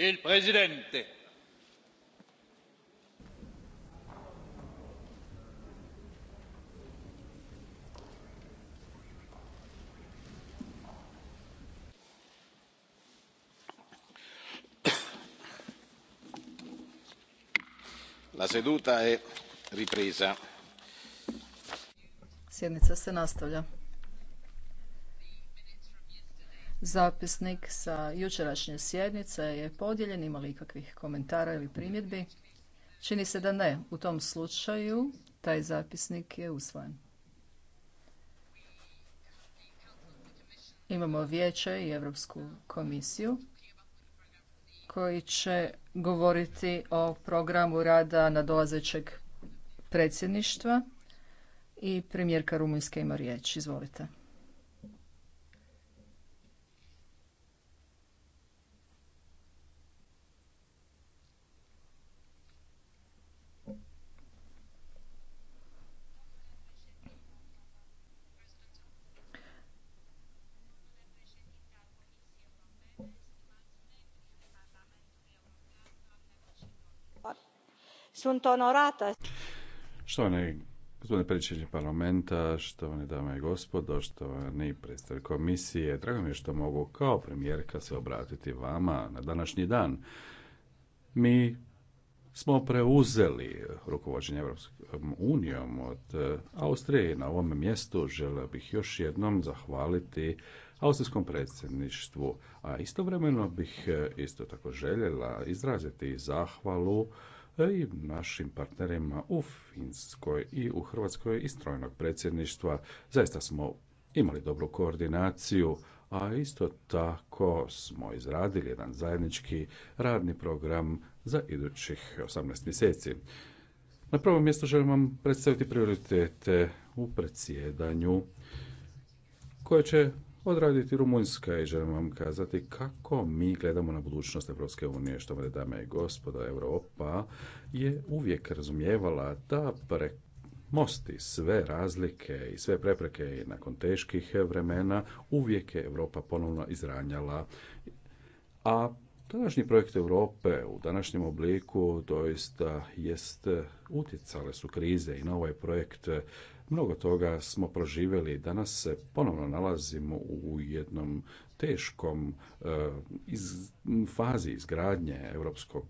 il presidente la seduta è ripresa sjednica se nastavlja Zapisnik sa jučerašnje sjednice je podijeljen. Ima li ikakvih komentara ili primjedbi? Čini se da ne. U tom slučaju taj zapisnik je usvojen. Imamo vijeće i Europsku komisiju koji će govoriti o programu rada nadolazećeg predsjedništva i premijerka Rumunjske ima riječ. Izvolite. Sunt onorată. Štovani gospodine predsjedniče parlamenta, štovane dame i gospodo, štovani predstavnik komisije, drago mi je što mogu kao premijerka se obratiti vama na današnji dan. Mi smo preuzeli rukovođenje Europskom unijom od e, Austrije na ovom mjestu želio bih još jednom zahvaliti austrijskom predsjedništvu, a istovremeno bih e, isto tako željela izraziti zahvalu E, i našim partnerima u Finskoj i u Hrvatskoj i strojnog predsjedništva. Zaista smo imali dobru koordinaciju, a isto tako smo izradili jedan zajednički radni program za idućih 18 mjeseci. Na prvom mjestu želim vam predstaviti prioritete u predsjedanju koje će odraditi Rumunjska i želim vam kazati kako mi gledamo na budućnost Evropske unije, što vode dame i gospoda, Europa je uvijek razumijevala da premosti mosti sve razlike i sve prepreke nakon teških vremena uvijek je Europa ponovno izranjala. A današnji projekt Europe u današnjem obliku doista jest utjecale su krize i na ovaj projekt Mnogo toga smo proživjeli. i Danas se ponovno nalazimo u jednom teškom e, iz, fazi izgradnje europskog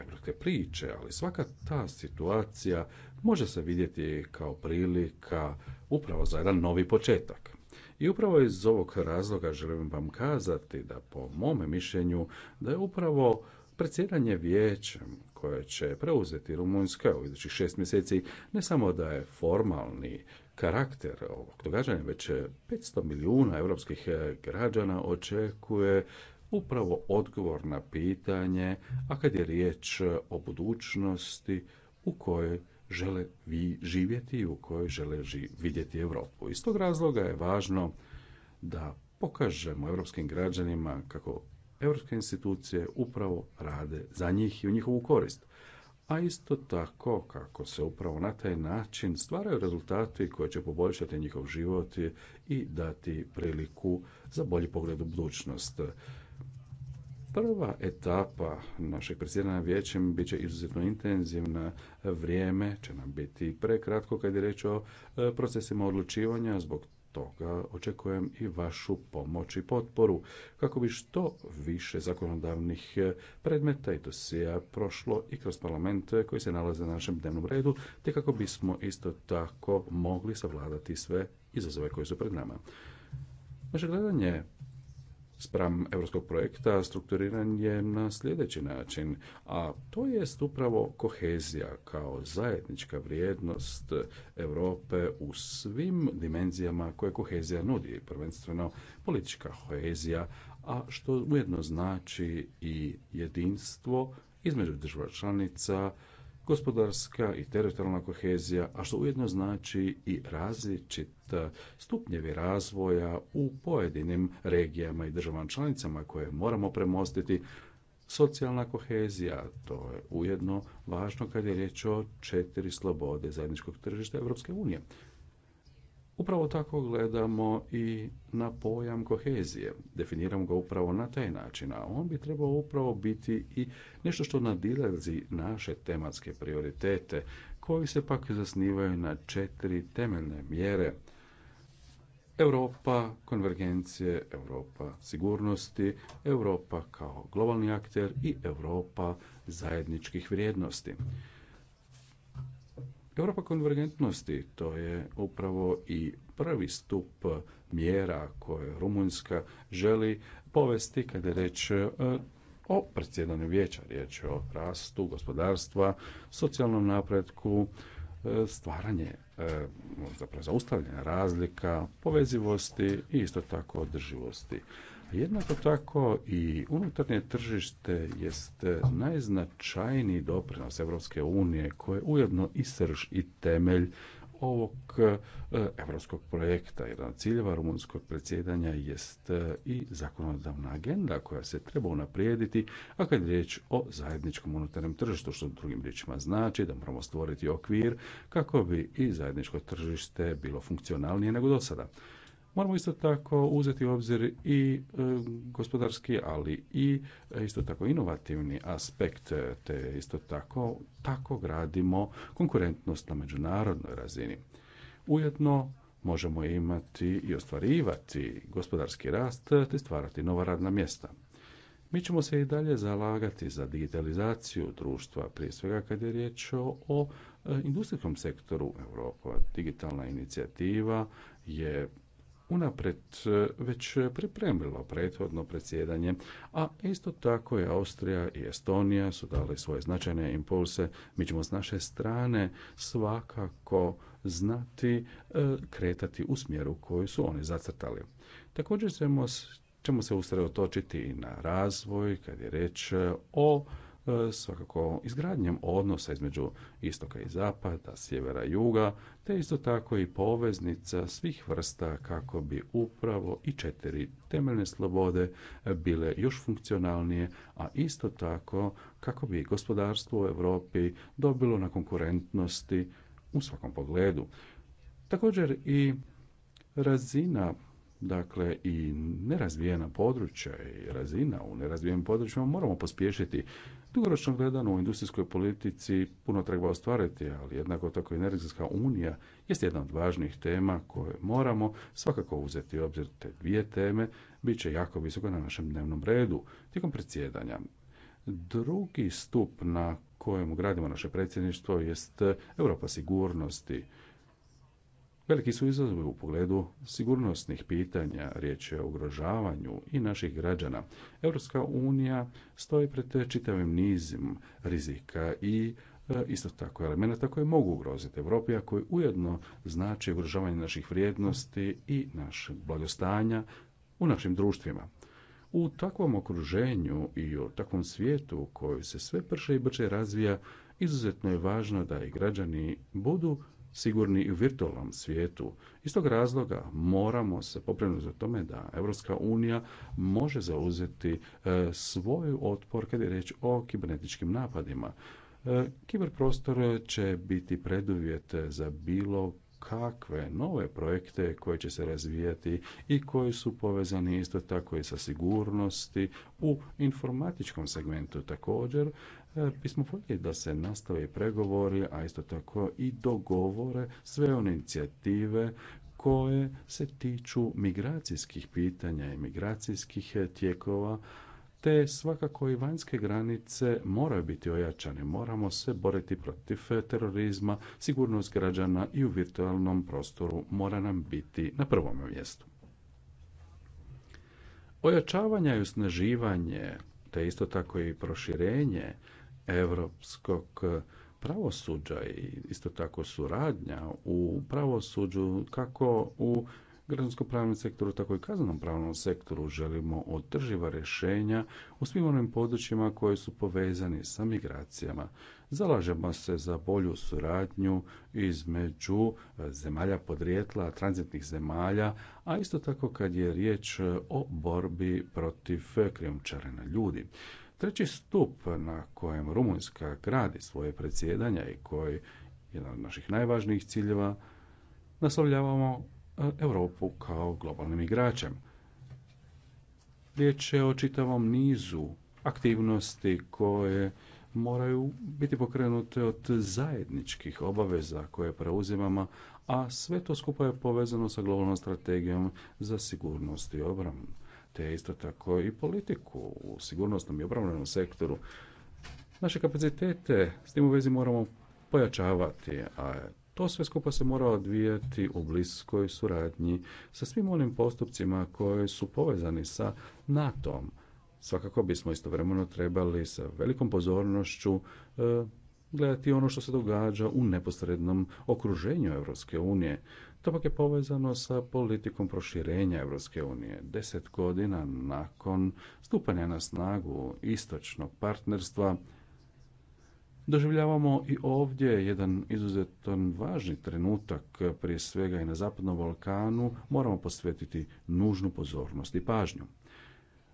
evropske priče, ali svaka ta situacija može se vidjeti kao prilika upravo za jedan novi početak. I upravo iz ovog razloga želim vam kazati da po mome mišljenju da je upravo predsjedanje vijećem koje će preuzeti Rumunjska u idućih šest mjeseci, ne samo da je formalni karakter ovog događanja, već 500 milijuna europskih eh, građana očekuje upravo odgovor na pitanje, a kad je riječ eh, o budućnosti u kojoj žele vi živjeti i u kojoj žele vidjeti Europu. Iz tog razloga je važno da pokažemo europskim građanima kako europske institucije upravo rade za njih i u njihovu korist. A isto tako kako se upravo na taj način stvaraju rezultati koji će poboljšati njihov život i dati priliku za bolji pogled u budućnost. Prva etapa našeg predsjedanja vijećem bit će izuzetno intenzivna. Vrijeme će nam biti prekratko kad je reč o e, procesima odlučivanja zbog toga očekujem i vašu pomoć i potporu kako bi što više zakonodavnih predmeta i dosija prošlo i kroz Parlament koji se nalaze na našem dnevnom redu, te kako bismo isto tako mogli savladati sve izazove koje su pred nama. Naše gledanje spram europskog projekta strukturiran je na sljedeći način, a to je upravo kohezija kao zajednička vrijednost Europe u svim dimenzijama koje kohezija nudi, prvenstveno politička kohezija, a što ujedno znači i jedinstvo između država članica, gospodarska i teritorijalna kohezija, a što ujedno znači i različit e, stupnjevi razvoja u pojedinim regijama i državama članicama koje moramo premostiti, Socijalna kohezija, to je ujedno važno kad je riječ o četiri slobode zajedničkog tržišta Europske unije. Upravo tako gledamo i na pojam kohezije. Definiram ga upravo na taj način, a on bi trebao upravo biti i nešto što nadilazi naše tematske prioritete, koji se pak zasnivaju na četiri temeljne mjere. Europa konvergencije, Europa sigurnosti, Europa kao globalni akter i Europa zajedničkih vrijednosti. Europa konvergentnosti to je upravo i prvi stup mjera koje Rumunjska želi povesti kada je reč e, o predsjedanju vijeća, riječ je o rastu gospodarstva, socijalnom napretku, e, stvaranje, e, zapravo zaustavljanje razlika, povezivosti i isto tako održivosti. Jednako tako i unutarnje tržište jest najznačajniji doprinos Evropske unije koje je ujedno i srž i temelj ovog europskog projekta. Jedan od ciljeva rumunskog predsjedanja jest e, i zakonodavna agenda koja se treba unaprijediti, a kad je riječ o zajedničkom unutarnjem tržištu, što drugim riječima znači da moramo stvoriti okvir kako bi i zajedničko tržište bilo funkcionalnije nego do sada. Moramo isto tako uzeti u obzir i gospodarski, ali i e, isto tako inovativni aspekt, te isto tako tako gradimo konkurentnost na međunarodnoj razini. Ujedno možemo imati i ostvarivati gospodarski rast te stvarati nova radna mjesta. Mi ćemo se i dalje zalagati za digitalizaciju društva, prije svega kad je riječ o e, industrijskom sektoru Europa. Digitalna inicijativa je unaprijed e, već pripremilo prethodno predsjedanje, a isto tako je Austrija i Estonija su dali svoje značajne impulse. Mi ćemo s naše strane svakako znati e, kretati u smjeru koju su oni zacrtali. Također ćemo se usredotočiti i na razvoj kad je reč e, o svakako izgradnjom odnosa između istoka i zapada, sjevera i juga, te isto tako i poveznica svih vrsta kako bi upravo i četiri temeljne slobode bile još funkcionalnije, a isto tako kako bi gospodarstvo u Europi dobilo na konkurentnosti u svakom pogledu. Također i razina Dakle, i nerazvijena područja i razina u nerazvijenim područjima moramo pospješiti. Dugoročno gledano u industrijskoj politici puno treba ostvariti, ali jednako tako i energetska unija jest jedna od važnih tema koje moramo svakako uzeti u obzir. Te dvije teme bit će jako visoko na našem dnevnom redu tijekom predsjedanja. Drugi stup na kojem gradimo naše predsjedništvo jest Europa sigurnosti. Veliki su izazovi u pogledu sigurnosnih pitanja, riječ je o ugrožavanju i naših građana. Europska unija stoji pred čitavim nizim rizika i e, isto tako elemenata koje mogu ugroziti Europi, a koji ujedno znači ugrožavanje naših vrijednosti i našeg blagostanja u našim društvima. U takvom okruženju i u takvom svijetu koji se sve prše i brže razvija, izuzetno je važno da i građani budu sigurni i u virtualnom svijetu. Iz tog razloga moramo se poprenuti za tome da Europska unija može zauzeti e, svoj otpor kada je riječ o kibernetičkim napadima. E, Kiberprostor će biti preduvjet za bilo kakve nove projekte koje će se razvijati i koji su povezani isto tako i sa sigurnosti u informatičkom segmentu također e, bismo voljeli da se nastave pregovori, a isto tako i dogovore sve one inicijative koje se tiču migracijskih pitanja i migracijskih tijekova te svakako i vanjske granice moraju biti ojačane. Moramo se boriti protiv e, terorizma, sigurnost građana i u virtualnom prostoru mora nam biti na prvom mjestu. Ojačavanje i osnaživanje, te isto tako i proširenje europskog pravosuđa i isto tako suradnja u pravosuđu kako u građansko-pravnom sektoru, tako i kaznenom pravnom sektoru želimo održiva rješenja u svim onim područjima koji su povezani sa migracijama. Zalažemo se za bolju suradnju između e, zemalja podrijetla, tranzitnih zemalja, a isto tako kad je riječ o borbi protiv krijumčarenja ljudi. Treći stup na kojem Rumunjska gradi svoje predsjedanja i koji je jedan od naših najvažnijih ciljeva, naslovljavamo Europu kao globalnim igračem. Riječ je o čitavom nizu aktivnosti koje moraju biti pokrenute od zajedničkih obaveza koje preuzimamo, a sve to skupa je povezano sa globalnom strategijom za sigurnost i obranu, te isto tako i politiku u sigurnosnom i obrambenom sektoru. Naše kapacitete s tim u vezi moramo pojačavati, a to sve skupa se mora odvijati u bliskoj suradnji sa svim onim postupcima koji su povezani sa NATO-om. Svakako bismo istovremeno trebali sa velikom pozornošću e, gledati ono što se događa u neposrednom okruženju Europske unije. To pak je povezano sa politikom proširenja Europske unije. Deset godina nakon stupanja na snagu istočnog partnerstva, Doživljavamo i ovdje jedan izuzetan važni trenutak, prije svega i na Zapadnom Balkanu, moramo posvetiti nužnu pozornost i pažnju.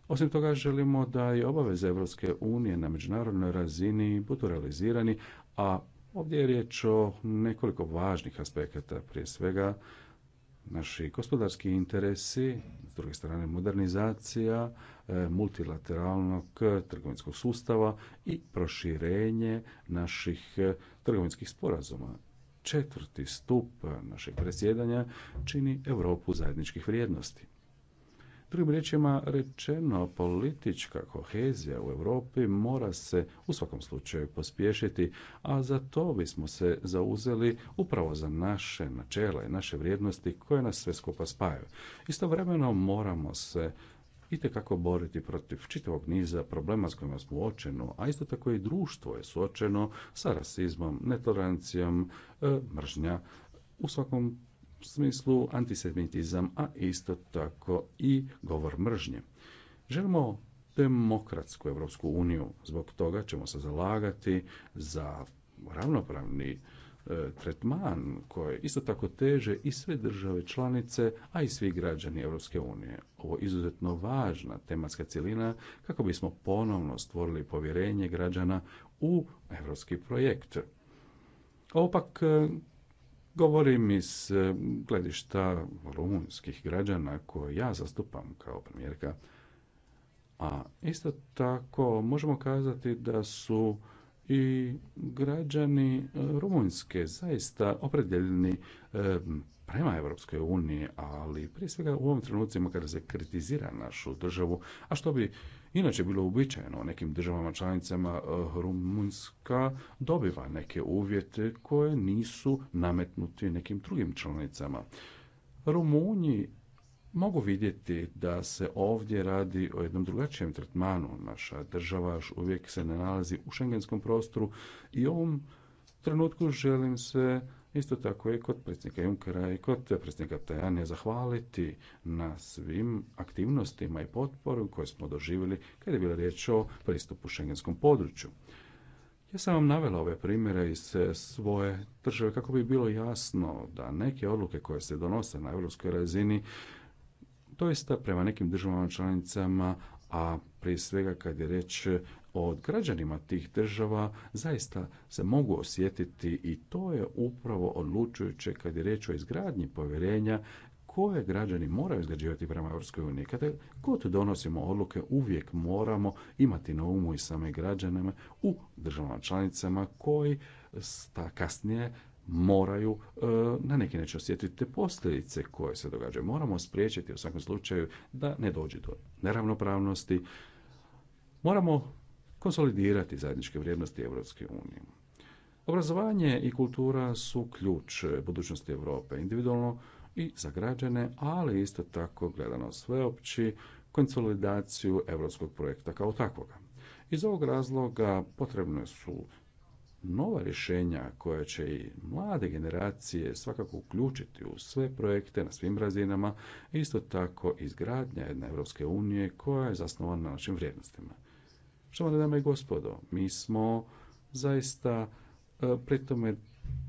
Osim toga želimo da i obaveze Europske unije na međunarodnoj razini budu realizirani, a ovdje je riječ o nekoliko važnih aspekata, prije svega naši gospodarski interesi, s druge strane modernizacija e, multilateralnog trgovinskog sustava i proširenje naših e, trgovinskih sporazuma. Četvrti stup našeg predsjedanja čini Europu zajedničkih vrijednosti. Drugim riječima rečeno, politička kohezija u Europi mora se u svakom slučaju pospješiti, a za to bismo se zauzeli upravo za naše načela i naše vrijednosti koje nas sve skupa spajaju. Istovremeno moramo se itekako boriti protiv čitavog niza problema s kojima smo uočeni, a isto tako i društvo je suočeno sa rasizmom, netolerancijom, e, mržnja, u svakom smislu antisemitizam, a isto tako i govor mržnje. Želimo demokratsku Europsku uniju, zbog toga ćemo se zalagati za ravnopravni e, tretman koje isto tako teže i sve države članice, a i svi građani Europske unije. Ovo je izuzetno važna tematska cjelina kako bismo ponovno stvorili povjerenje građana u europski projekt. Opak Govorim iz eh, gledišta rumunskih građana koje ja zastupam kao premijerka, a isto tako možemo kazati da su i građani eh, Rumunjske zaista opredjeljeni eh, prema Europskoj uniji, ali prije svega u ovom trenucima kada se kritizira našu državu, a što bi Inače, bilo uobičajeno u nekim državama članicama eh, Rumunjska dobiva neke uvjete koje nisu nametnuti nekim drugim članicama. Rumunji mogu vidjeti da se ovdje radi o jednom drugačijem tretmanu. Naša država još uvijek se ne nalazi u šengenskom prostoru i u ovom trenutku želim se isto tako i kod predsjednika Junkera i kod predsjednika Tajanja zahvaliti na svim aktivnostima i potporu koje smo doživjeli kad je bila riječ o pristupu šengenskom području. Ja sam vam navela ove primjere iz eh, svoje države kako bi bilo jasno da neke odluke koje se donose na europskoj razini doista prema nekim državama članicama, a prije svega kad je riječ od građanima tih država zaista se mogu osjetiti i to je upravo odlučujuće kad je riječ o izgradnji povjerenja koje građani moraju izgrađivati prema Europskoj uniji. Kada god donosimo odluke, uvijek moramo imati na umu i same građane u državama članicama koji kasnije moraju e, na neki način osjetiti te posljedice koje se događaju. Moramo spriječiti u svakom slučaju da ne dođe do neravnopravnosti. Moramo konsolidirati zajedničke vrijednosti Europske unije. Obrazovanje i kultura su ključ budućnosti Europe individualno i za građane, ali isto tako gledano sveopći konsolidaciju europskog projekta kao takvoga. Iz ovog razloga potrebne su nova rješenja koja će i mlade generacije svakako uključiti u sve projekte na svim razinama, isto tako izgradnja jedne Europske unije koja je zasnovana na našim vrijednostima. Štovane dame i gospodo, mi smo zaista e, pri tome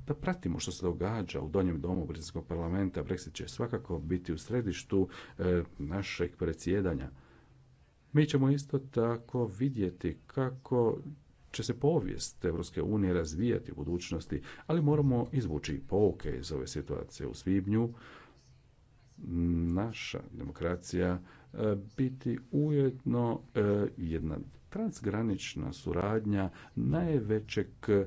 da pratimo što se događa u donjem domu Britanskog parlamenta. Brexit će svakako biti u središtu e, našeg predsjedanja. Mi ćemo isto tako vidjeti kako će se povijest Europske unije razvijati u budućnosti, ali moramo izvući pouke iz ove situacije u svibnju. Naša demokracija E, biti ujedno e, jedna transgranična suradnja najvećeg e,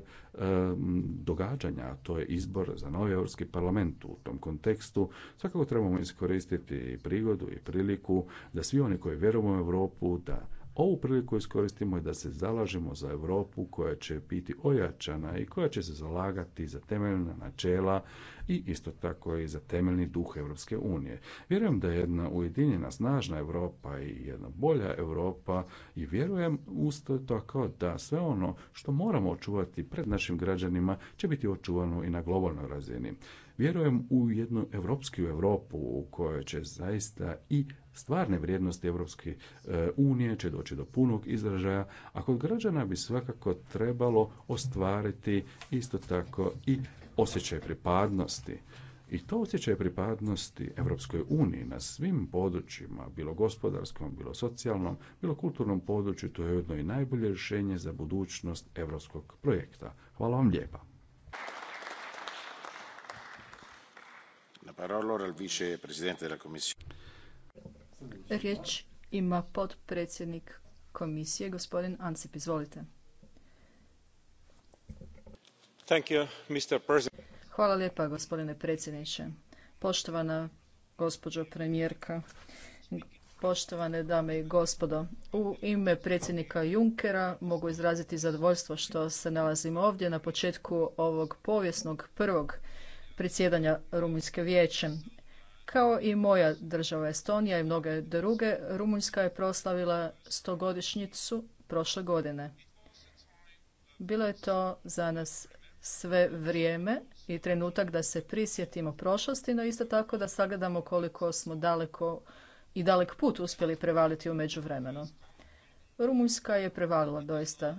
događanja, a to je izbor za novi Europski parlament u tom kontekstu. Svakako trebamo iskoristiti prigodu i priliku da svi oni koji vjeruju u Europu, da ovu priliku iskoristimo i da se zalažemo za Europu koja će biti ojačana i koja će se zalagati za temeljna načela i isto tako i za temeljni duh Europske unije. Vjerujem da je jedna ujedinjena, snažna Europa i jedna bolja Europa i vjerujem usto tako da sve ono što moramo očuvati pred našim građanima će biti očuvano i na globalnoj razini. Vjerujem u jednu evropsku Europu u kojoj će zaista i stvarne vrijednosti Evropske eh, unije će doći do punog izražaja, a kod građana bi svakako trebalo ostvariti isto tako i osjećaj pripadnosti. I to osjećaj pripadnosti Evropskoj uniji na svim područjima, bilo gospodarskom, bilo socijalnom, bilo kulturnom području, to je jedno i najbolje rješenje za budućnost europskog projekta. Hvala vam lijepa. Riječ ima potpredsjednik komisije, gospodin Ansip. Izvolite. Hvala lijepa, gospodine predsjedniče. Poštovana gospođo premijerka, poštovane dame i gospodo. U ime predsjednika Junckera mogu izraziti zadovoljstvo što se nalazim ovdje na početku ovog povijesnog prvog predsjedanja Rumunjske vijećem. Kao i moja država Estonija i mnoge druge, Rumunjska je proslavila stogodišnjicu prošle godine. Bilo je to za nas sve vrijeme i trenutak da se prisjetimo prošlosti, no isto tako da sagledamo koliko smo daleko i dalek put uspjeli prevaliti u međuvremenu. Rumunjska je prevalila doista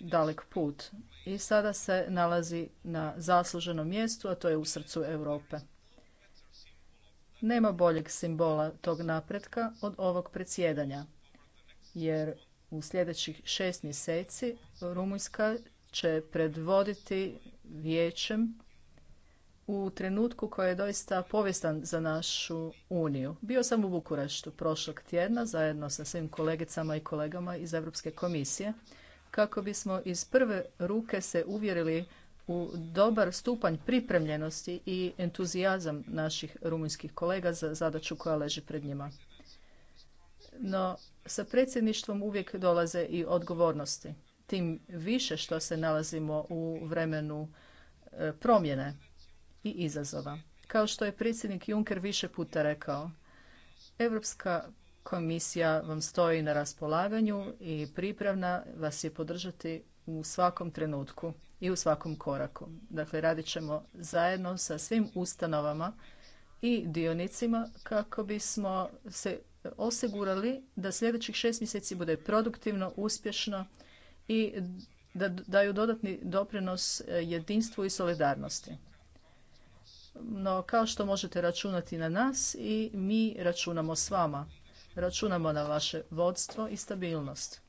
dalek put i sada se nalazi na zasluženom mjestu, a to je u srcu Europe. Nema boljeg simbola tog napretka od ovog predsjedanja, jer u sljedećih šest mjeseci Rumunjska će predvoditi vijećem u trenutku koji je doista povijestan za našu Uniju. Bio sam u Bukureštu prošlog tjedna zajedno sa svim kolegicama i kolegama iz Europske komisije kako bismo iz prve ruke se uvjerili u dobar stupanj pripremljenosti i entuzijazam naših rumunjskih kolega za zadaću koja leži pred njima. No, sa predsjedništvom uvijek dolaze i odgovornosti. Tim više što se nalazimo u vremenu e, promjene i izazova. Kao što je predsjednik Juncker više puta rekao, Europska Komisija vam stoji na raspolaganju i pripravna vas je podržati u svakom trenutku i u svakom koraku. Dakle, radit ćemo zajedno sa svim ustanovama i dionicima kako bismo se osigurali da sljedećih šest mjeseci bude produktivno, uspješno i da daju dodatni doprinos e, jedinstvu i solidarnosti. No, kao što možete računati na nas i mi računamo s vama. Računamo na vaše vodstvo i stabilnost.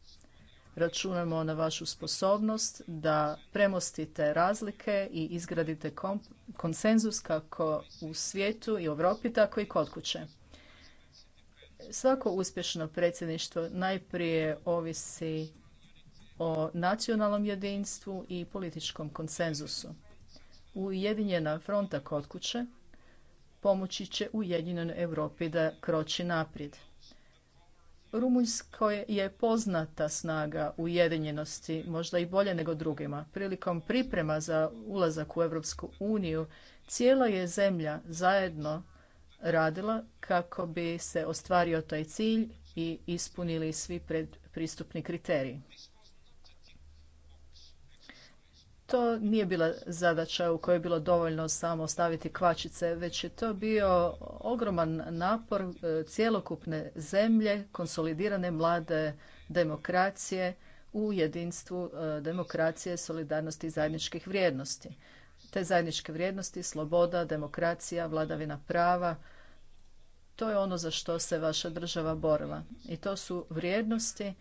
Računamo na vašu sposobnost da premostite razlike i izgradite konsenzus kako u svijetu i Europi, tako i kod kuće. Svako uspješno predsjedništvo najprije ovisi o nacionalnom jedinstvu i političkom konsenzusu. Ujedinjena fronta kod kuće pomoći će Ujedinjenoj Europi da kroči naprijed. Rumunjskoj je poznata snaga ujedinjenosti, možda i bolje nego drugima. Prilikom priprema za ulazak u Europsku uniju, cijela je zemlja zajedno radila kako bi se ostvario taj cilj i ispunili svi predpristupni kriteriji to nije bila zadaća u kojoj je bilo dovoljno samo staviti kvačice, već je to bio ogroman napor e, cjelokupne zemlje, konsolidirane mlade demokracije u jedinstvu e, demokracije, solidarnosti i zajedničkih vrijednosti. Te zajedničke vrijednosti, sloboda, demokracija, vladavina prava, to je ono za što se vaša država borila. I to su vrijednosti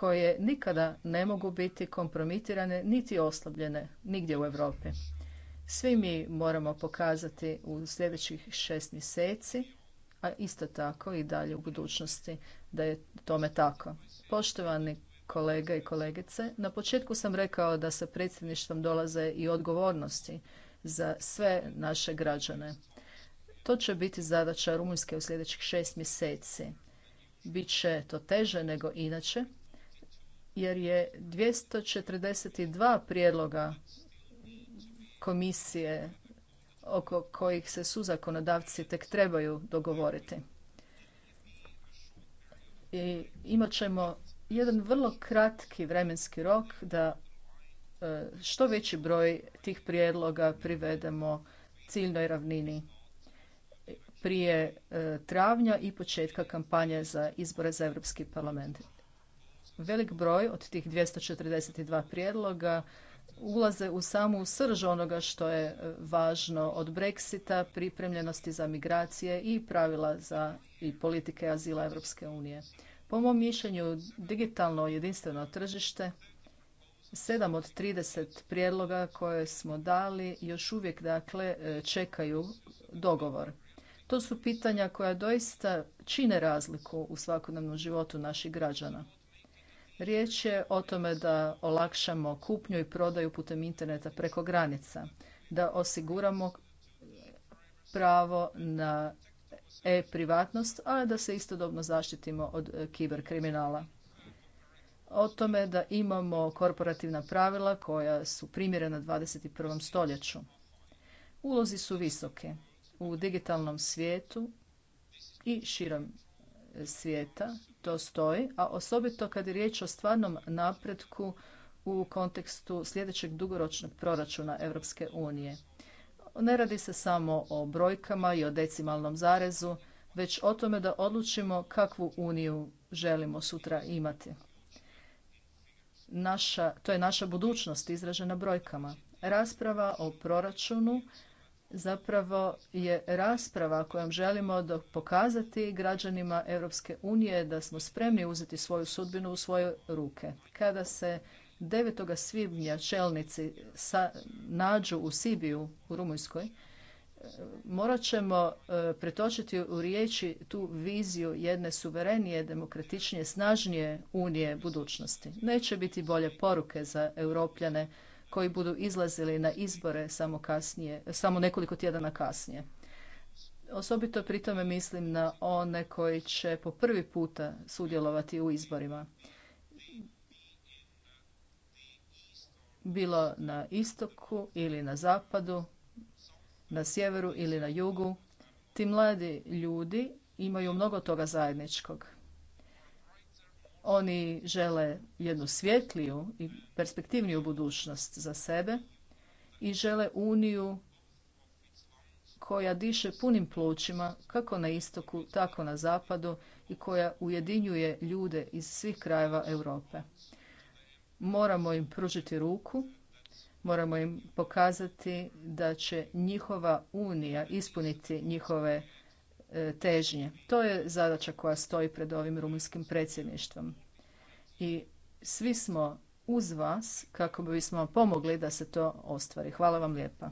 koje nikada ne mogu biti kompromitirane niti oslabljene nigdje u Europi. Svi mi moramo pokazati u sljedećih šest mjeseci, a isto tako i dalje u budućnosti da je tome tako. Poštovani kolega i kolegice, na početku sam rekao da sa predsjedništvom dolaze i odgovornosti za sve naše građane. To će biti zadaća Rumunjske u sljedećih šest mjeseci. Biće to teže nego inače, jer je 242 prijedloga komisije oko kojih se suzakonodavci tek trebaju dogovoriti. I imat ćemo jedan vrlo kratki vremenski rok da e, što veći broj tih prijedloga privedemo ciljnoj ravnini prije e, travnja i početka kampanje za izbore za Europski parlament. Velik broj od tih 242 prijedloga ulaze u samu srž onoga što je e, važno od Brexita, pripremljenosti za migracije i pravila za i politike azila Europske unije. Po mom mišljenju, digitalno jedinstveno tržište, sedam od 30 prijedloga koje smo dali još uvijek dakle e, čekaju dogovor. To su pitanja koja doista čine razliku u svakodnevnom životu naših građana. Riječ je o tome da olakšamo kupnju i prodaju putem interneta preko granica, da osiguramo pravo na e-privatnost, a da se istodobno zaštitimo od e, kiberkriminala. O tome da imamo korporativna pravila koja su primjerena 21. stoljeću. Ulozi su visoke u digitalnom svijetu i širom e, svijeta to stoji, a osobito kad je riječ o stvarnom napretku u kontekstu sljedećeg dugoročnog proračuna Europske unije. Ne radi se samo o brojkama i o decimalnom zarezu, već o tome da odlučimo kakvu uniju želimo sutra imati. Naša, to je naša budućnost izražena brojkama. Rasprava o proračunu zapravo je rasprava kojom želimo pokazati građanima Europske unije da smo spremni uzeti svoju sudbinu u svoje ruke. Kada se 9. svibnja čelnici sa, nađu u Sibiju u Rumunjskoj, e, morat ćemo e, pretočiti u riječi tu viziju jedne suverenije, demokratičnije, snažnije unije budućnosti. Neće biti bolje poruke za europljane koji budu izlazili na izbore samo kasnije, samo nekoliko tjedana kasnije. Osobito pri tome mislim na one koji će po prvi puta sudjelovati u izborima. Bilo na istoku ili na zapadu, na sjeveru ili na jugu. Ti mladi ljudi imaju mnogo toga zajedničkog. Oni žele jednu svjetliju i perspektivniju budućnost za sebe i žele uniju koja diše punim plućima kako na istoku, tako na zapadu i koja ujedinjuje ljude iz svih krajeva Europe. Moramo im pružiti ruku, moramo im pokazati da će njihova unija ispuniti njihove E, težnje. To je zadaća koja stoji pred ovim rumunjskim predsjedništvom. I svi smo uz vas kako bismo pomogli da se to ostvari. Hvala vam lijepa.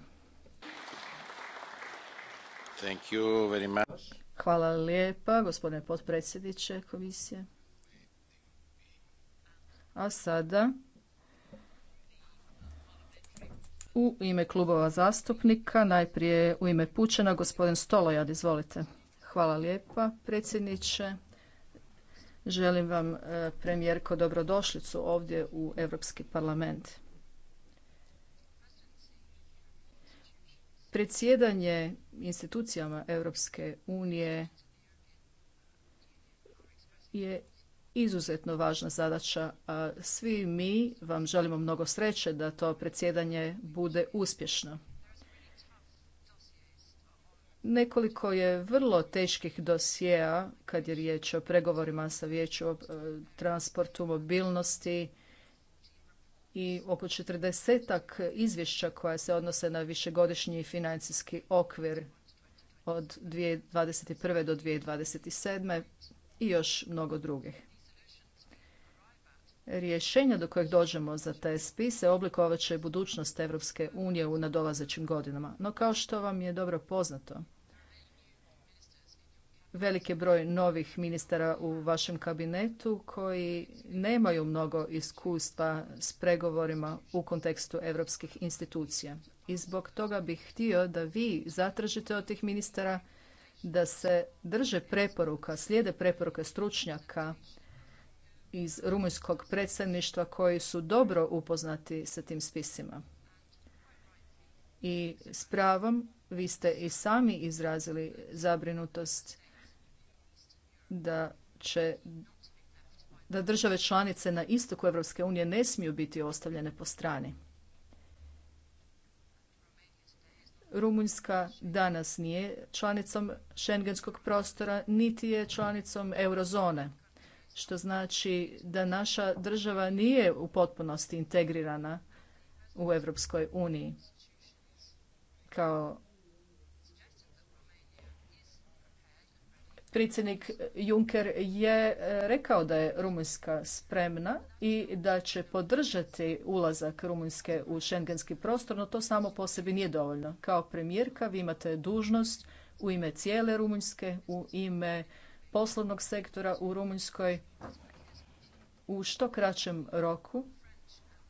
Thank you very much. Hvala lijepa, gospodine potpredsjedniče komisije. A sada u ime klubova zastupnika, najprije u ime Pučena, gospodin Stolojad, izvolite. Hvala lijepa, predsjedniče. Želim vam, e, premijerko, dobrodošlicu ovdje u Europski parlament. Predsjedanje institucijama Europske unije je izuzetno važna zadaća. Svi mi vam želimo mnogo sreće da to predsjedanje bude uspješno. Nekoliko je vrlo teških dosjea kad je riječ o pregovorima sa vijeću o e, transportu, mobilnosti i oko četrdesetak izvješća koja se odnose na višegodišnji financijski okvir od 2021. do 2027. i još mnogo drugih. Rješenja do kojeg dođemo za te spise oblikovat će budućnost Europske unije u nadolazećim godinama. No kao što vam je dobro poznato, veliki broj novih ministara u vašem kabinetu koji nemaju mnogo iskustva s pregovorima u kontekstu europskih institucija. I zbog toga bih htio da vi zatražite od tih ministara da se drže preporuka, slijede preporuke stručnjaka iz rumunjskog predsjedništva koji su dobro upoznati sa tim spisima. I s pravom vi ste i sami izrazili zabrinutost da će da države članice na istoku Europske unije ne smiju biti ostavljene po strani. Rumunjska danas nije članicom šengenskog prostora, niti je članicom eurozone, što znači da naša država nije u potpunosti integrirana u Europskoj uniji kao Predsjednik Juncker je e, rekao da je Rumunjska spremna i da će podržati ulazak Rumunjske u šengenski prostor, no to samo po sebi nije dovoljno. Kao premijerka vi imate dužnost u ime cijele Rumunjske, u ime poslovnog sektora u Rumunjskoj u što kraćem roku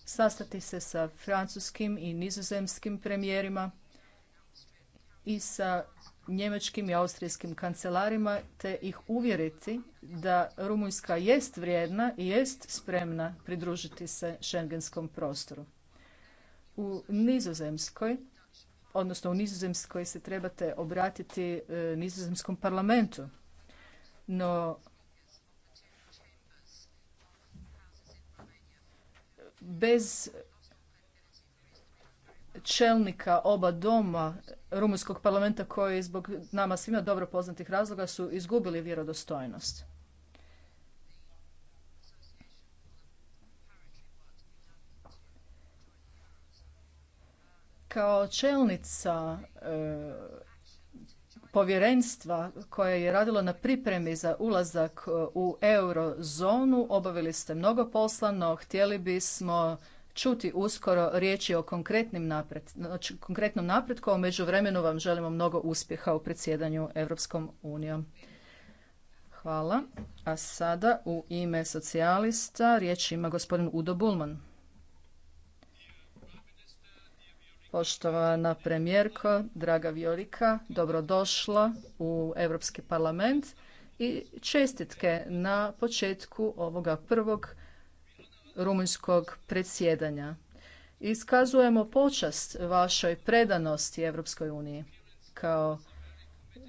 sastati se sa francuskim i nizozemskim premijerima i sa njemačkim i austrijskim kancelarima te ih uvjeriti da Rumunjska jest vrijedna i jest spremna pridružiti se šengenskom prostoru. U Nizozemskoj, odnosno u Nizozemskoj se trebate obratiti e, Nizozemskom parlamentu, no bez čelnika oba doma rumunjskog parlamenta koji zbog nama svima dobro poznatih razloga su izgubili vjerodostojnost. Kao čelnica e, povjerenstva koje je radilo na pripremi za ulazak e, u eurozonu obavili ste mnogo posla, no htjeli bismo čuti uskoro riječi o konkretnim napred, znači, konkretnom napretku, a u međuvremenu vam želimo mnogo uspjeha u predsjedanju Europskom unijom. Hvala. A sada u ime socijalista riječ ima gospodin Udo Bulman. Poštovana premijerko, draga Violika, dobrodošla u Europski parlament i čestitke na početku ovoga prvog rumunjskog predsjedanja. Iskazujemo počast vašoj predanosti Europskoj uniji. Kao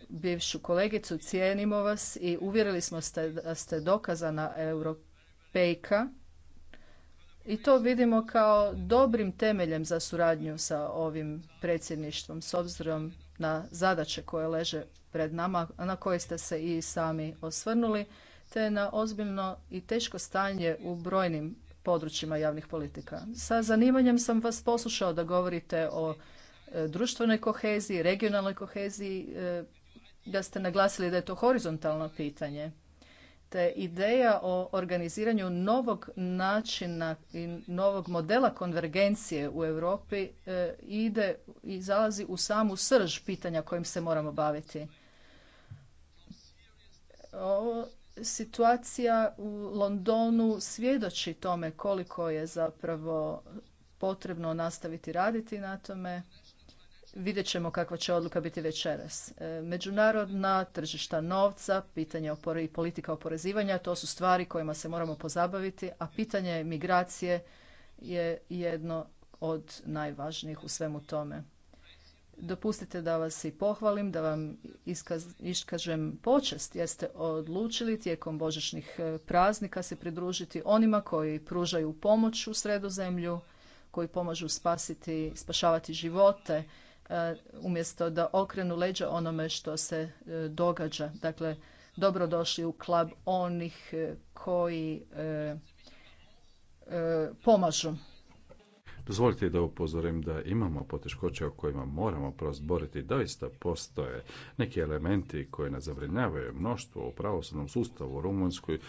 bivšu kolegicu cijenimo vas i uvjerili smo ste da ste dokazana europejka i to vidimo kao dobrim temeljem za suradnju sa ovim predsjedništvom s obzirom na zadaće koje leže pred nama, na koje ste se i sami osvrnuli, te na ozbiljno i teško stanje u brojnim područjima javnih politika. Sa zanimanjem sam vas poslušao da govorite o e, društvenoj koheziji, regionalnoj koheziji, e, da ste naglasili da je to horizontalno pitanje. Te ideja o organiziranju novog načina i novog modela konvergencije u Europi e, ide i zalazi u samu srž pitanja kojim se moramo baviti. Ovo situacija u Londonu svjedoči tome koliko je zapravo potrebno nastaviti raditi na tome. Vidjet ćemo kakva će odluka biti večeras. E, međunarodna tržišta novca, pitanje i politika oporezivanja, to su stvari kojima se moramo pozabaviti, a pitanje migracije je jedno od najvažnijih u svemu tome. Dopustite da vas i pohvalim, da vam iskaz, iskažem počest jer ste odlučili tijekom božićnih e, praznika se pridružiti onima koji pružaju pomoć u sredozemlju, koji pomažu spasiti, spašavati živote e, umjesto da okrenu leđa onome što se e, događa. Dakle, dobrodošli u klub onih koji pomažu. Dozvolite da upozorim da imamo poteškoće o kojima moramo prozboriti. Doista postoje neki elementi koji nas zabrinjavaju. Mnoštvo u pravosudnom sustavu u Rumunjskoj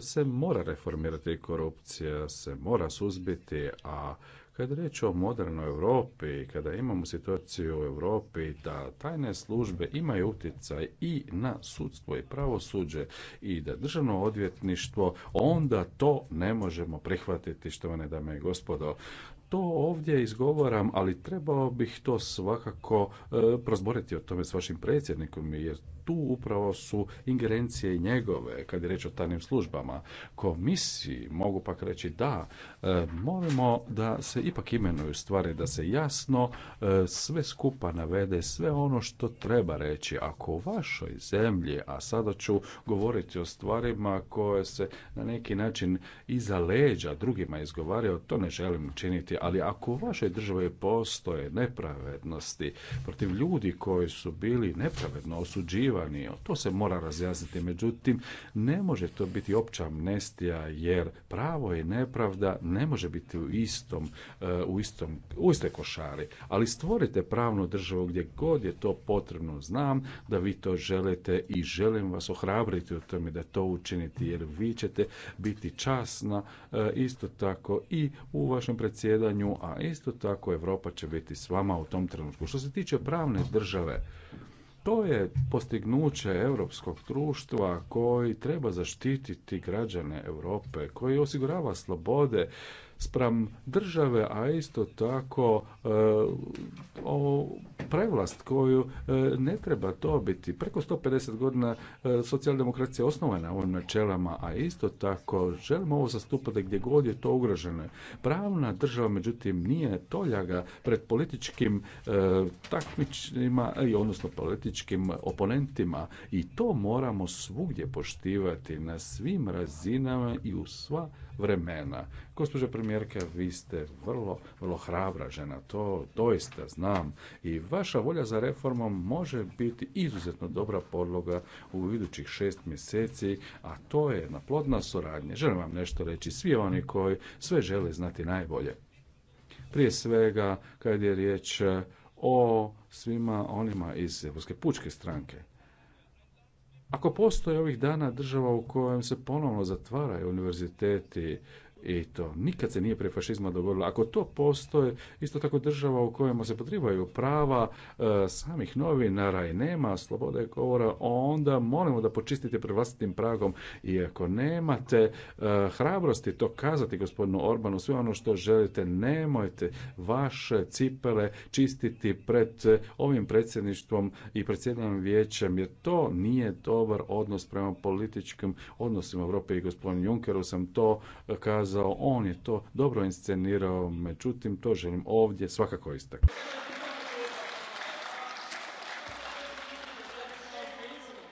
se mora reformirati korupcija, se mora suzbiti, a kad je riječ o modernoj Europi, kada imamo situaciju u Europi da tajne službe imaju utjecaj i na sudstvo i pravosuđe i da državno odvjetništvo, onda to ne možemo prihvatiti, što štovane dame i gospodo to ovdje izgovaram, ali trebao bih to svakako e, prozboriti o tome s vašim predsjednikom, jer tu upravo su ingerencije njegove kad je reč o tajnim službama. Komisiji mogu pak reći da e, molimo da se ipak imenuju stvari, da se jasno e, sve skupa navede, sve ono što treba reći. Ako u vašoj zemlji, a sada ću govoriti o stvarima koje se na neki način iza leđa drugima izgovaraju, to ne želim činiti, ali ako u vašoj državi postoje nepravednosti protiv ljudi koji su bili nepravedno osuđivani, koja To se mora razjasniti, međutim, ne može to biti opća amnestija, jer pravo i nepravda ne može biti u istom, eh, u istom, u iste košari. Ali stvorite pravnu državu gdje god je to potrebno. Znam da vi to želite i želim vas ohrabriti u tome da to učinite jer vi ćete biti časna eh, isto tako i u vašem predsjedanju, a isto tako Europa će biti s vama u tom trenutku. Što se tiče pravne države, to je postignuće europskog društva koji treba zaštititi građane Europe, koji osigurava slobode, spram države, a isto tako e, o prevlast koju e, ne treba to biti. Preko 150 godina e, socijaldemokracija osnovana na ovim načelama, a isto tako želimo ovo zastupati gdje god je to ugroženo. Pravna država, međutim, nije toljaga pred političkim takmičnima, odnosno političkim oponentima i to moramo svugdje poštivati na svim razinama i u sva vremena. Gospođa premijerka, vi ste vrlo, vrlo hrabra žena, to doista znam i vaša volja za reformom može biti izuzetno dobra podloga u idućih šest mjeseci, a to je na plodna suradnja. Želim vam nešto reći, svi oni koji sve žele znati najbolje. Prije svega, kad je riječ o svima onima iz Evropske pučke stranke, ako postoje ovih dana država u kojem se ponovno zatvaraju univerziteti, i to nikad se nije prije fašizma dogodilo. Ako to postoje, isto tako država u kojima se potrivaju prava e, samih novinara i nema slobode govora, onda molimo da počistite pred vlastitim pragom i ako nemate e, hrabrosti to kazati gospodinu Orbanu sve ono što želite, nemojte vaše cipele čistiti pred e, ovim predsjedništvom i predsjedanjem vijećem, jer to nije dobar odnos prema političkim odnosima Europe i gospodinu Junkeru sam to kazao pokazao, on je to dobro inscenirao, međutim to želim ovdje svakako istaknuti.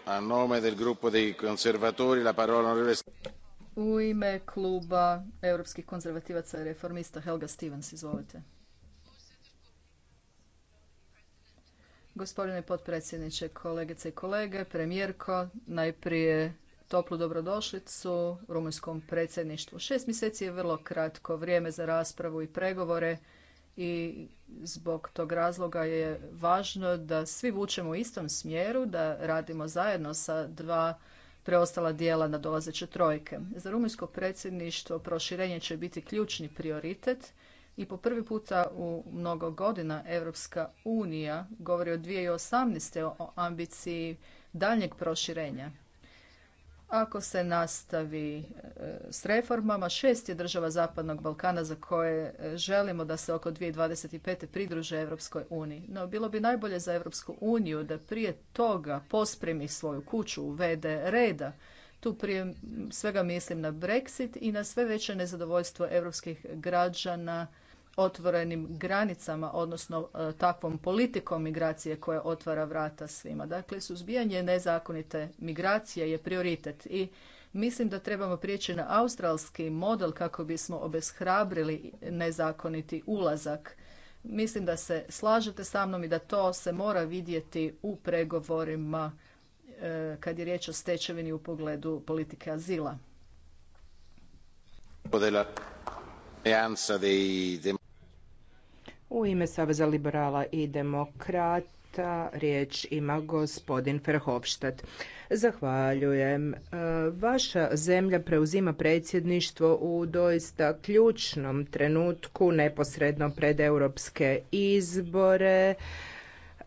A nome del gruppo dei conservatori la parola u ime kluba europskih konzervativaca i reformista Helga Stevens, izvolite. Gospodine potpredsjedniče, kolegice i kolege, premijerko, najprije toplu dobrodošlicu rumunjskom predsjedništvu. Šest mjeseci je vrlo kratko vrijeme za raspravu i pregovore i zbog tog razloga je važno da svi vučemo u istom smjeru, da radimo zajedno sa dva preostala dijela na dolazeće trojke. Za rumunjsko predsjedništvo proširenje će biti ključni prioritet i po prvi puta u mnogo godina Europska unija govori od 2018. o ambiciji daljnjeg proširenja. Ako se nastavi e, s reformama, šest je država Zapadnog Balkana za koje e, želimo da se oko 2025. pridruže Europskoj uniji. No, bilo bi najbolje za Europsku uniju da prije toga pospremi svoju kuću, uvede reda. Tu prije svega mislim na Brexit i na sve veće nezadovoljstvo europskih građana otvorenim granicama, odnosno e, takvom politikom migracije koja otvara vrata svima. Dakle, suzbijanje nezakonite migracije je prioritet i mislim da trebamo prijeći na australski model kako bismo obeshrabrili nezakoniti ulazak. Mislim da se slažete sa mnom i da to se mora vidjeti u pregovorima e, kad je riječ o stečevini u pogledu politike azila. U ime Saveza liberala i demokrata riječ ima gospodin Verhofstadt. Zahvaljujem. E, vaša zemlja preuzima predsjedništvo u doista ključnom trenutku neposredno pred europske izbore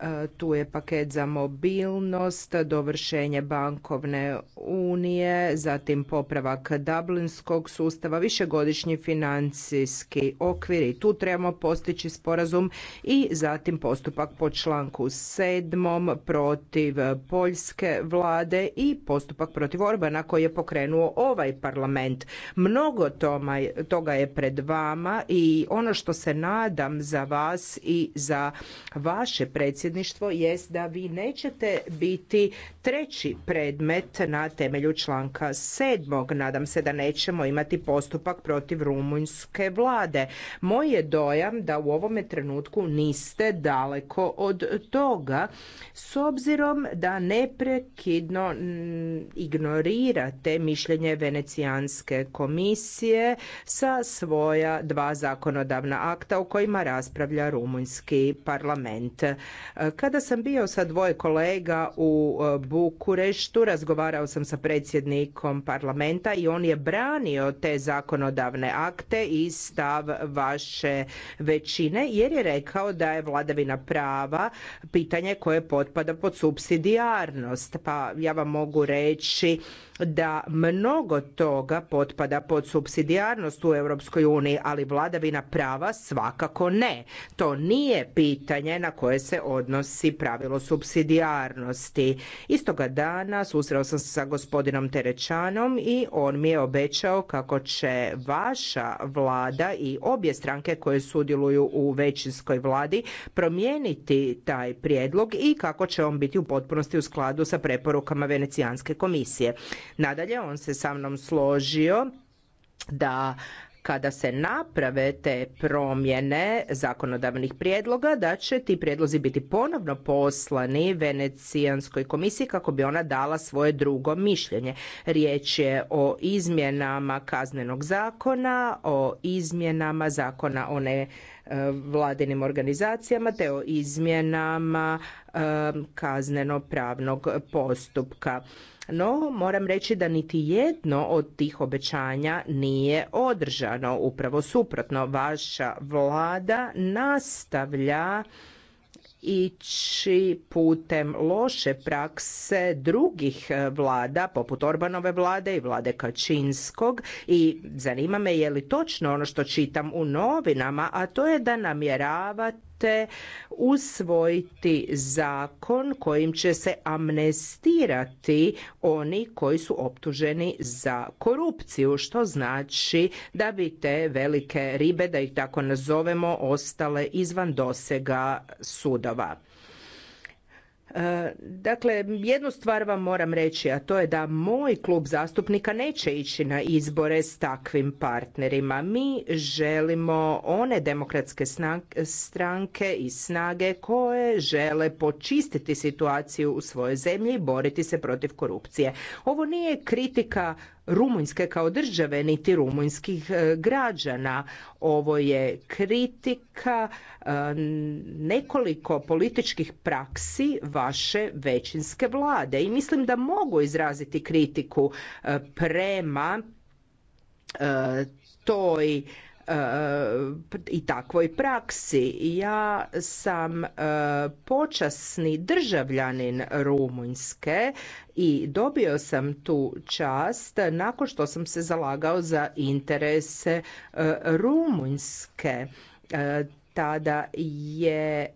E, tu je paket za mobilnost, dovršenje bankovne unije, zatim popravak dublinskog sustava, višegodišnji financijski okvir i tu trebamo postići sporazum i zatim postupak po članku sedmom protiv poljske vlade i postupak protiv Orbana koji je pokrenuo ovaj parlament. Mnogo toga je pred vama i ono što se nadam za vas i za vaše predsjednice predsjedništvo jest da vi nećete biti treći predmet na temelju članka sedmog. Nadam se da nećemo imati postupak protiv rumunjske vlade. Moj je dojam da u ovome trenutku niste daleko od toga s obzirom da neprekidno ignorirate mišljenje Venecijanske komisije sa svoja dva zakonodavna akta u kojima raspravlja rumunjski parlament. Kada sam bio sa dvoje kolega u e, Bukureštu, razgovarao sam sa predsjednikom parlamenta i on je branio te zakonodavne akte i stav vaše većine jer je rekao da je vladavina prava pitanje koje potpada pod subsidijarnost. Pa ja vam mogu reći da mnogo toga potpada pod subsidijarnost u Europskoj uniji, ali vladavina prava svakako ne. To nije pitanje na koje se odnosi pravilo subsidijarnosti. Istoga dana susreo sam se sa gospodinom Terećanom i on mi je obećao kako će vaša vlada i obje stranke koje sudjeluju u većinskoj vladi promijeniti taj prijedlog i kako će on biti u potpunosti u skladu sa preporukama Venecijanske komisije. Nadalje, on se sa mnom složio da kada se naprave te promjene zakonodavnih prijedloga, da će ti prijedlozi biti ponovno poslani Venecijanskoj komisiji kako bi ona dala svoje drugo mišljenje. Riječ je o izmjenama kaznenog zakona, o izmjenama zakona o ne E, vladinim organizacijama te o izmjenama e, kazneno-pravnog postupka. No, moram reći da niti jedno od tih obećanja nije održano. Upravo suprotno, vaša vlada nastavlja ići putem loše prakse drugih vlada, poput Orbanove vlade i vlade Kačinskog i zanima me je li točno ono što čitam u novinama, a to je da namjeravate te usvojiti zakon kojim će se amnestirati oni koji su optuženi za korupciju, što znači da bi te velike ribe, da ih tako nazovemo, ostale izvan dosega sudova. Dakle, jednu stvar vam moram reći, a to je da moj klub zastupnika neće ići na izbore s takvim partnerima. Mi želimo one demokratske stranke i snage koje žele počistiti situaciju u svojoj zemlji i boriti se protiv korupcije. Ovo nije kritika Rumunjske kao države, niti rumunjskih e, građana. Ovo je kritika e, nekoliko političkih praksi vaše većinske vlade i mislim da mogu izraziti kritiku e, prema toj i takvoj praksi. Ja sam e, počasni državljanin Rumunjske i dobio sam tu čast nakon što sam se zalagao za interese e, Rumunjske e, tada je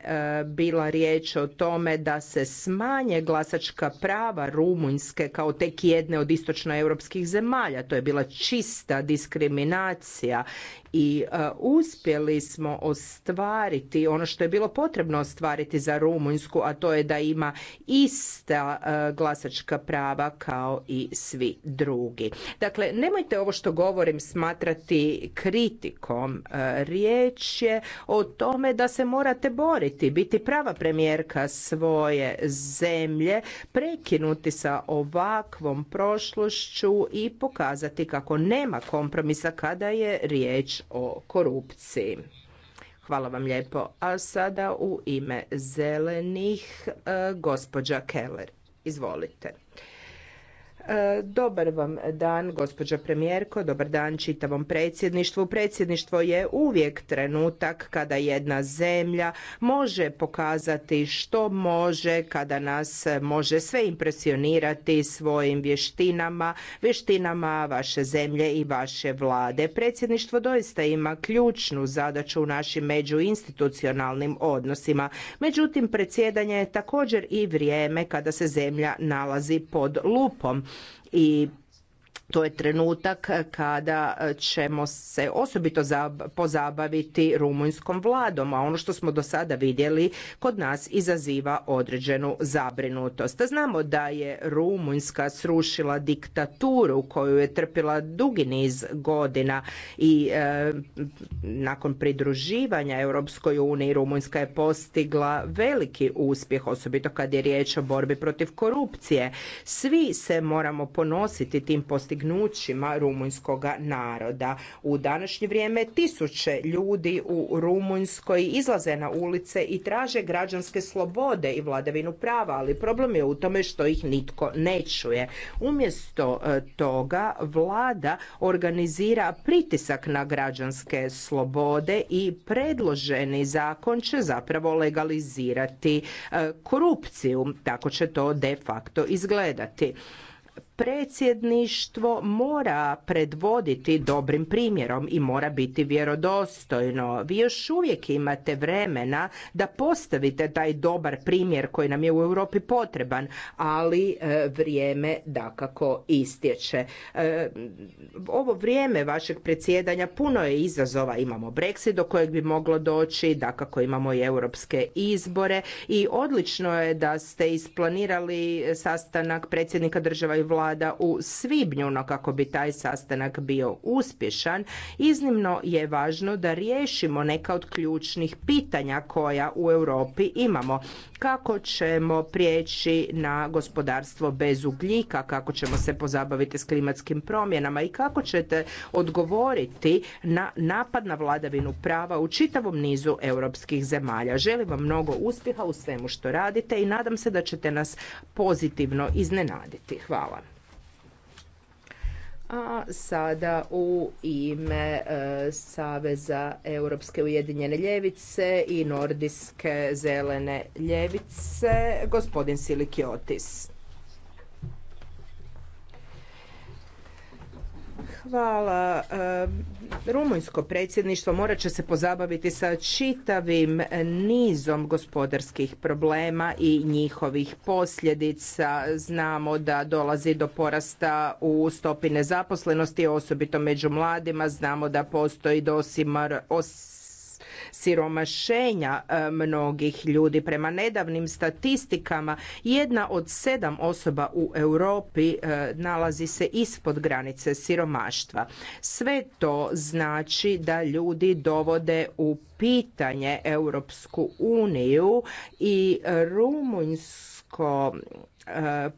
bila riječ o tome da se smanje glasačka prava Rumunjske kao tek jedne od europskih zemalja. To je bila čista diskriminacija i e, uspjeli smo ostvariti ono što je bilo potrebno ostvariti za Rumunjsku, a to je da ima ista e, glasačka prava kao i svi drugi. Dakle, nemojte ovo što govorim smatrati kritikom. E, riječ je o tome da se morate boriti, biti prava premijerka svoje zemlje, prekinuti sa ovakvom prošlošću i pokazati kako nema kompromisa kada je riječ o korupciji. Hvala vam lijepo. A sada u ime zelenih e, gospođa Keller. Izvolite. E, dobar vam dan, gospođo premijerko, dobar dan čitavom predsjedništvu. Predsjedništvo je uvijek trenutak kada jedna zemlja može pokazati što može, kada nas može sve impresionirati svojim vještinama, vještinama vaše zemlje i vaše vlade. Predsjedništvo doista ima ključnu zadaću u našim međuinstitucionalnim odnosima. Međutim, predsjedanje je također i vrijeme kada se zemlja nalazi pod lupom i to je trenutak kada ćemo se osobito pozabaviti rumunjskom vladom, a ono što smo do sada vidjeli kod nas izaziva određenu zabrinutost. Znamo da je Rumunjska srušila diktaturu koju je trpila dugi niz godina i e, nakon pridruživanja Europskoj uniji Rumunjska je postigla veliki uspjeh, osobito kad je riječ o borbi protiv korupcije. Svi se moramo ponositi tim postignutima postignućima rumunjskoga naroda. U današnje vrijeme tisuće ljudi u Rumunjskoj izlaze na ulice i traže građanske slobode i vladavinu prava, ali problem je u tome što ih nitko ne čuje. Umjesto e, toga vlada organizira pritisak na građanske slobode i predloženi zakon će zapravo legalizirati e, korupciju. Tako će to de facto izgledati predsjedništvo mora predvoditi dobrim primjerom i mora biti vjerodostojno. Vi još uvijek imate vremena da postavite taj dobar primjer koji nam je u Europi potreban, ali e, vrijeme dakako istječe. E, ovo vrijeme vašeg predsjedanja puno je izazova. Imamo Brexit do kojeg bi moglo doći, dakako imamo i europske izbore i odlično je da ste isplanirali sastanak predsjednika država i vlada vlada u svibnju, no kako bi taj sastanak bio uspješan, iznimno je važno da riješimo neka od ključnih pitanja koja u Europi imamo. Kako ćemo prijeći na gospodarstvo bez ugljika, kako ćemo se pozabaviti s klimatskim promjenama i kako ćete odgovoriti na napad na vladavinu prava u čitavom nizu europskih zemalja. Želim vam mnogo uspjeha u svemu što radite i nadam se da ćete nas pozitivno iznenaditi. Hvala. A sada u ime e, Saveza Europske ujedinjene ljevice i Nordijske zelene ljevice, gospodin Silikiotis. Hvala. Rumunjsko predsjedništvo morat će se pozabaviti sa čitavim nizom gospodarskih problema i njihovih posljedica. Znamo da dolazi do porasta u stopi nezaposlenosti, osobito među mladima. Znamo da postoji dosimar siromašenja e, mnogih ljudi. Prema nedavnim statistikama jedna od sedam osoba u Europi e, nalazi se ispod granice siromaštva. Sve to znači da ljudi dovode u pitanje Europsku uniju i rumunjsko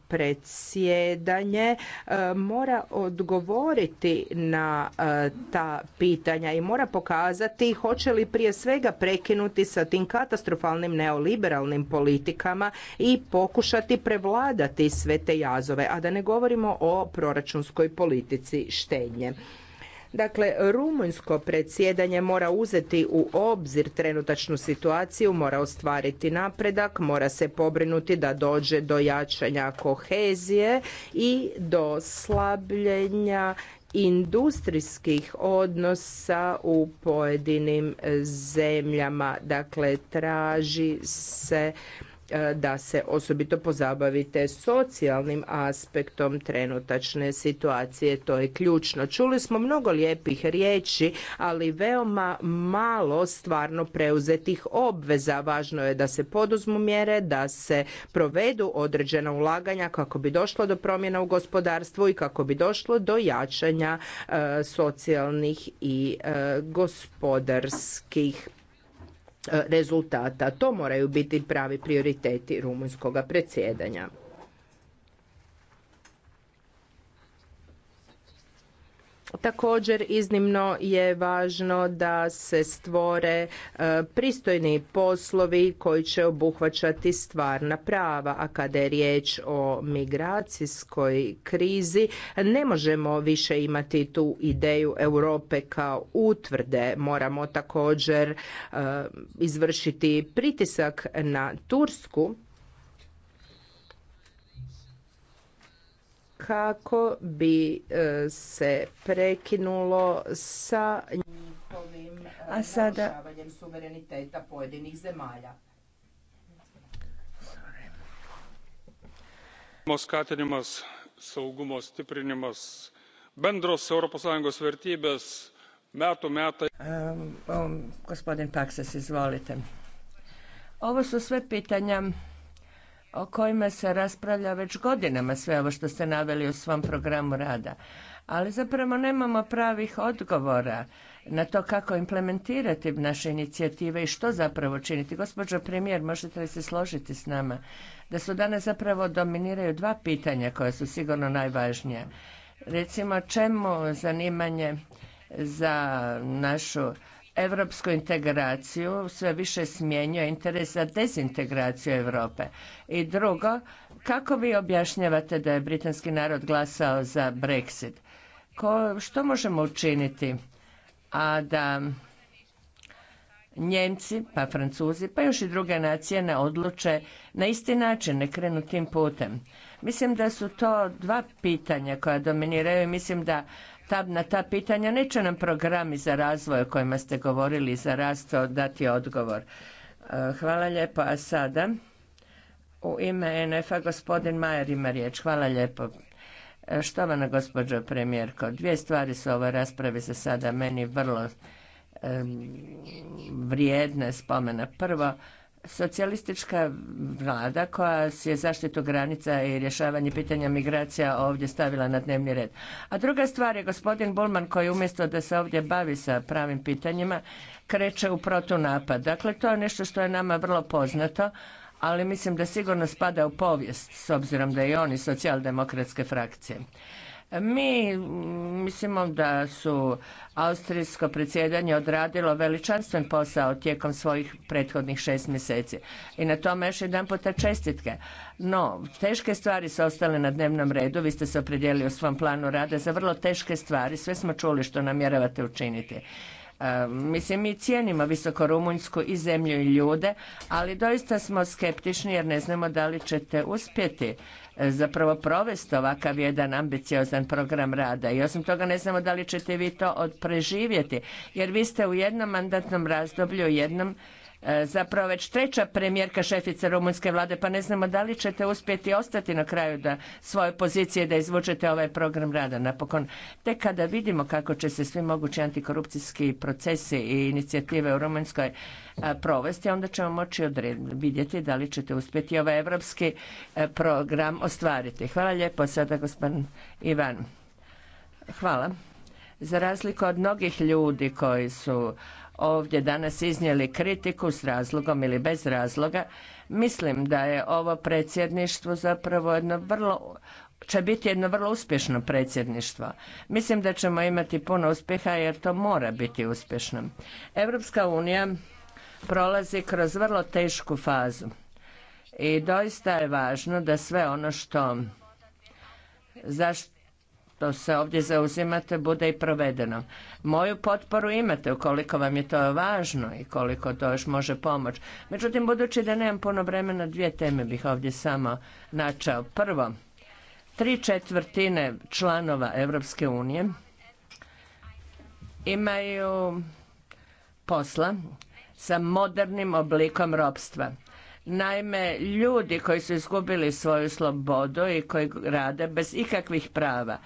predsjedanje e, mora odgovoriti na e, ta pitanja i mora pokazati hoće li prije svega prekinuti sa tim katastrofalnim neoliberalnim politikama i pokušati prevladati sve te jazove, a da ne govorimo o proračunskoj politici štednje. Dakle, rumunjsko predsjedanje mora uzeti u obzir trenutačnu situaciju, mora ostvariti napredak, mora se pobrinuti da dođe do jačanja kohezije i do slabljenja industrijskih odnosa u pojedinim zemljama. Dakle, traži se E, da se osobito pozabavite socijalnim aspektom trenutačne situacije. To je ključno. Čuli smo mnogo lijepih riječi, ali veoma malo stvarno preuzetih obveza. Važno je da se poduzmu mjere, da se provedu određena ulaganja kako bi došlo do promjena u gospodarstvu i kako bi došlo do jačanja e, socijalnih i e, gospodarskih E, rezultata. To moraju biti pravi prioriteti rumunjskoga predsjedanja. Također iznimno je važno da se stvore e, pristojni poslovi koji će obuhvaćati stvarna prava, a kada je riječ o migracijskoj krizi ne možemo više imati tu ideju Europe kao utvrde. Moramo također e, izvršiti pritisak na Tursku kako bi e, se prekinulo sa njihovim e, A sada... suvereniteta pojedinih zemalja. skatinimas saugumo stiprinimas bendros europos sąjungos vertybės metų metai um, gospodin paksas izvolite ovo su sve pitanja o kojima se raspravlja već godinama sve ovo što ste naveli u svom programu rada. Ali zapravo nemamo pravih odgovora na to kako implementirati naše inicijative i što zapravo činiti. Gospođo premijer, možete li se složiti s nama da su danas zapravo dominiraju dva pitanja koja su sigurno najvažnija. Recimo, čemu zanimanje za našu europsku integraciju sve više smjenjuje interes za dezintegraciju Europe. I drugo, kako vi objašnjavate da je britanski narod glasao za Brexit? Ko, što možemo učiniti? A da Njemci, pa Francuzi, pa još i druge nacije ne odluče na isti način, ne krenu tim putem. Mislim da su to dva pitanja koja dominiraju i mislim da ta, na ta pitanja neće nam programi za razvoj o kojima ste govorili za rast dati odgovor. E, hvala lijepo. A sada u ime nf gospodin Majer ima riječ. Hvala lijepo. E, štovana gospođo premijerko, dvije stvari su ove rasprave za sada meni vrlo vrijedne spomena. Prvo, Socijalistička vlada koja je zaštitu granica i rješavanje pitanja migracija ovdje stavila na dnevni red. A druga stvar je gospodin Bulman koji umjesto da se ovdje bavi sa pravim pitanjima kreće u protunapad. Dakle, to je nešto što je nama vrlo poznato, ali mislim da sigurno spada u povijest s obzirom da je on iz socijaldemokratske frakcije. Mi mislimo da su austrijsko predsjedanje odradilo veličanstven posao tijekom svojih prethodnih šest mjeseci i na tome još jedan puta čestitke. No, teške stvari su ostale na dnevnom redu, vi ste se opredijelili u svom planu rada za vrlo teške stvari, sve smo čuli što namjeravate učiniti. E, mislim, mi cijenimo visoko Rumunjsku i zemlju i ljude, ali doista smo skeptični jer ne znamo da li ćete uspjeti zapravo provesti ovakav jedan ambiciozan program rada. I osim toga ne znamo da li ćete vi to preživjeti jer vi ste u jednom mandatnom razdoblju, u jednom E, zapravo već treća premijerka šefica rumunjske vlade, pa ne znamo da li ćete uspjeti ostati na kraju da svoje pozicije da izvučete ovaj program rada napokon. Tek kada vidimo kako će se svi mogući antikorupcijski procesi i inicijative u Rumunjskoj e, provesti, onda ćemo moći vidjeti da li ćete uspjeti ovaj evropski e, program ostvariti. Hvala lijepo sada gospodin Ivan. Hvala. Za razliku od mnogih ljudi koji su ovdje danas iznijeli kritiku s razlogom ili bez razloga, mislim da je ovo predsjedništvo zapravo jedno vrlo će biti jedno vrlo uspješno predsjedništvo. Mislim da ćemo imati puno uspjeha jer to mora biti uspješno. Europska unija prolazi kroz vrlo tešku fazu i doista je važno da sve ono što zašto što se ovdje zauzimate bude i provedeno. Moju potporu imate ukoliko vam je to važno i koliko to još može pomoći. Međutim, budući da nemam puno vremena, dvije teme bih ovdje samo načao. Prvo, tri četvrtine članova Europske unije imaju posla sa modernim oblikom ropstva. Naime, ljudi koji su izgubili svoju slobodu i koji rade bez ikakvih prava.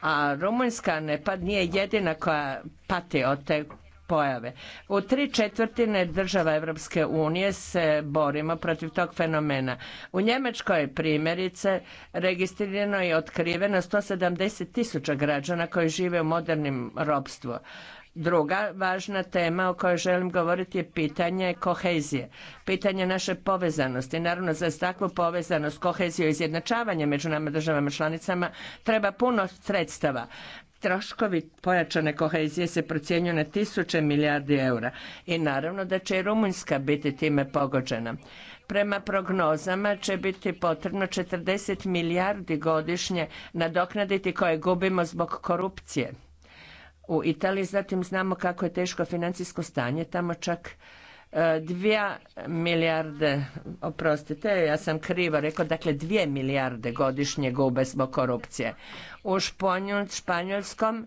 A Rumunjska ne pa nije jedina koja pati od te pojave. U tri četvrtine država Europske unije se borimo protiv tog fenomena. U Njemačkoj primjerice registrirano i otkriveno 170 tisuća građana koji žive u modernim robstvu. Druga važna tema o kojoj želim govoriti je pitanje kohezije, pitanje naše povezanosti. Naravno, za takvu povezanost, koheziju i izjednačavanje među nama državama članicama treba puno sredstava. Troškovi pojačane kohezije se procjenjuju na tisuće milijardi eura i naravno da će i Rumunjska biti time pogođena. Prema prognozama će biti potrebno 40 milijardi godišnje nadoknaditi koje gubimo zbog korupcije u Italiji, zatim znamo kako je teško financijsko stanje, tamo čak e, dvije milijarde, oprostite, ja sam krivo rekao, dakle dvije milijarde godišnje gube zbog korupcije. U Španjolskom